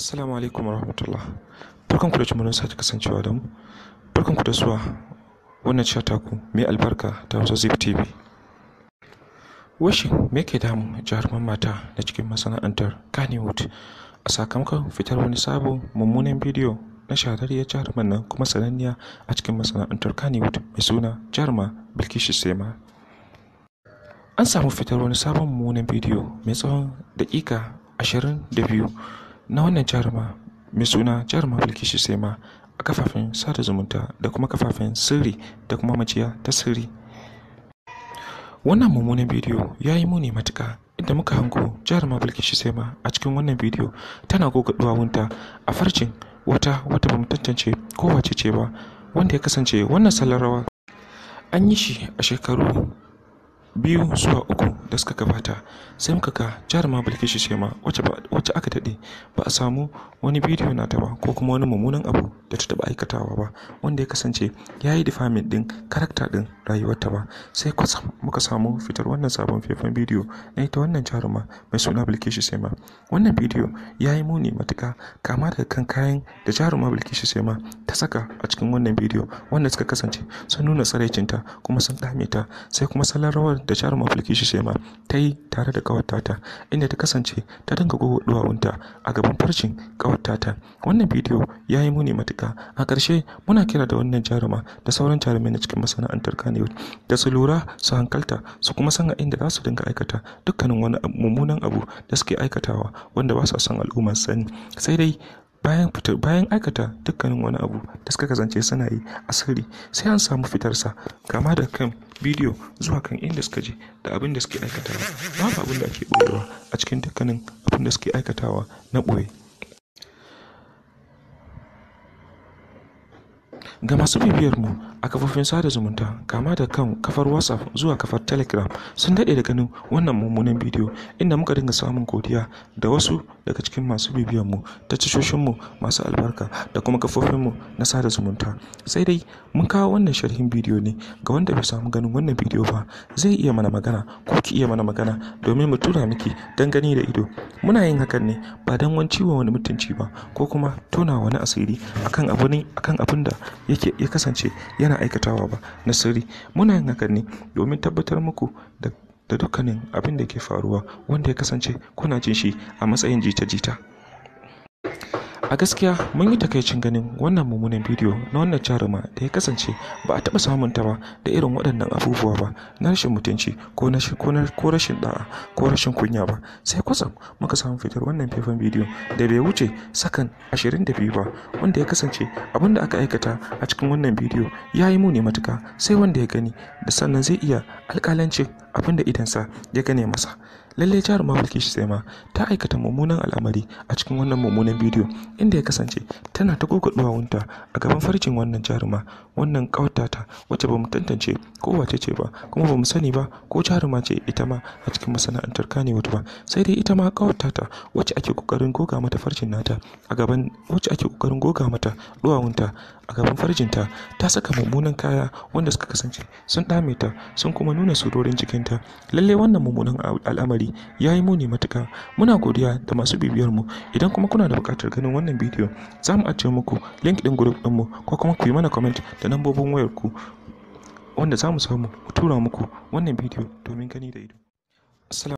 Assalamu alaikum warahmatullah. Barkanku da jimurin sake kasancewa da mu. Barkanku da suwa wannan cewa ku mai albarka ta Hausa Zip TV. Washin me ke damu jaruman mata da cikin masana'antar Kannywood a sakamakon fitar wani sabon mummunan bidiyo na shahararriyar jaruman nan kuma sananniya a cikin masana'antar Kannywood mai suna Jarma Bilkisu Sema. An samu fitar wani sabon mummunan bidiyo mai tsawon daƙiƙa ashirin da biyu na wannan jaruma mai suna jaruma bilkisu ma a kafafen sada zumunta da kuma kafafen sirri da kuma maciya ta sirri wannan mummunan bidiyo ya yi muni matuka inda muka hango jaruma bilkisu ma a cikin wannan bidiyo tana goga duwawunta a farcin wata wata ba tantance ko wace ce ba wanda ya kasance wannan salon an yi shi a shekaru biyu zuwa uku da suka gabata sai muka ga jaruma bilkisu shema wacce aka daɗe ba a samu wani bidiyo ta ba ko kuma wani mummunan abu da ta taɓa aikatawa ba wanda ya kasance ya yi difamin ɗin karakta ɗin rayuwarta ba sai muka samu fitar wannan sabon faifan bidiyo na ita wannan jaruma mai suna bilkisu shema wannan bidiyo ya yi muni matuka kama daga kan kayan da jaruma bilkisu shema ta saka a cikin wannan bidiyo wanda suka kasance sun nuna tsaraicinta kuma sun dame ta sai kuma salon da da jarumar Bilkisu Shema ta yi tare da ƙawartata inda ta kasance ta dinga gogo duwawunta a gaban farcin ƙawartata. Wannan bidiyo ya yi muni matuka A ƙarshe muna kira da wannan jaruma da sauran jarumai na cikin masana'antar Kannywood da su lura su hankalta su kuma san inda za su dinga aikata dukkanin wani mummunan abu da suke aikatawa wanda ba sa son al'umma sani. Sai dai bayan fitar bayan aikata dukkanin wani abu da suka kazance suna yi a sirri sai an samu fitarsa kama da kan bidiyo zuwa kan inda suka je da abin da suke aikatawa babu abin da ake ɓoyewa a cikin dukkanin abin da suke aikatawa na ɓoye Ga masu bibiyar mu a kafofin sada zumunta kama da kan kafar WhatsApp zuwa kafar Telegram sun daɗe da ganin wannan mummunan bidiyo inda muka dinga samun godiya da wasu daga cikin masu bibiyar mu ta cishoshin mu masu albarka da kuma kafofin mu na sada zumunta. Sai dai mun kawo wannan sharhin bidiyo ne ga wanda bai samu ganin wannan bidiyo ba zai iya mana magana ko ki iya mana magana domin mu tura miki dan gani da ido. Muna yin hakan ne ba dan wani ciwon wani mutunci ba ko kuma tona wani asiri akan abin akan abin da ya kasance yana aikatawa ba na sirri muna yin hakan ne domin tabbatar muku da dukkanin abin da ke faruwa wanda ya kasance kuna jin shi a matsayin jita-jita a gaskiya mun yi takaicin ganin wannan mummunan bidiyo na wannan jaruma da ya kasance ba a taɓa samun ta ba da irin waɗannan abubuwa ba na rashin mutunci ko na ko rashin da'a ko rashin kunya ba sai kwatsam muka samu fitar wannan faifan bidiyo da bai wuce sakan 22 ba wanda ya kasance abin da aka aikata a cikin wannan bidiyo ya yi muni matuka sai wanda ya gani da sannan zai iya alƙalancin abin da idansa ya gane masa Lallai jaruma Bilkisu Tsaima ta aikata mummunan al'amari a cikin wannan mummunan bidiyo inda ya kasance tana ta gurgurɗuwa wunta a gaban farcin wannan jaruma wannan ƙautata wacce ba mu tantance ko wace ce ba kuma ba mu sani ba ko jaruma ce ita ma a cikin masana'antar wata ba sai dai ita ma ƙautata wacce ake kokarin goga mata farcin nata a gaban wacce ake ƙoƙarin goga mata wunta a gaban farjinta ta saka mummunan kaya wanda suka kasance sun dame ta sun kuma nuna surorin jikinta lallai wannan mummunan al'amari ya yi muni matuka muna godiya da masu bibiyar mu idan kuma kuna da bukatar ganin wannan bidiyo za mu ajiye muku link ɗin group ɗinmu ko kuma ku yi mana comment da nambobin wayar ku wanda za mu samu mu tura muku wannan bidiyo domin gani da ido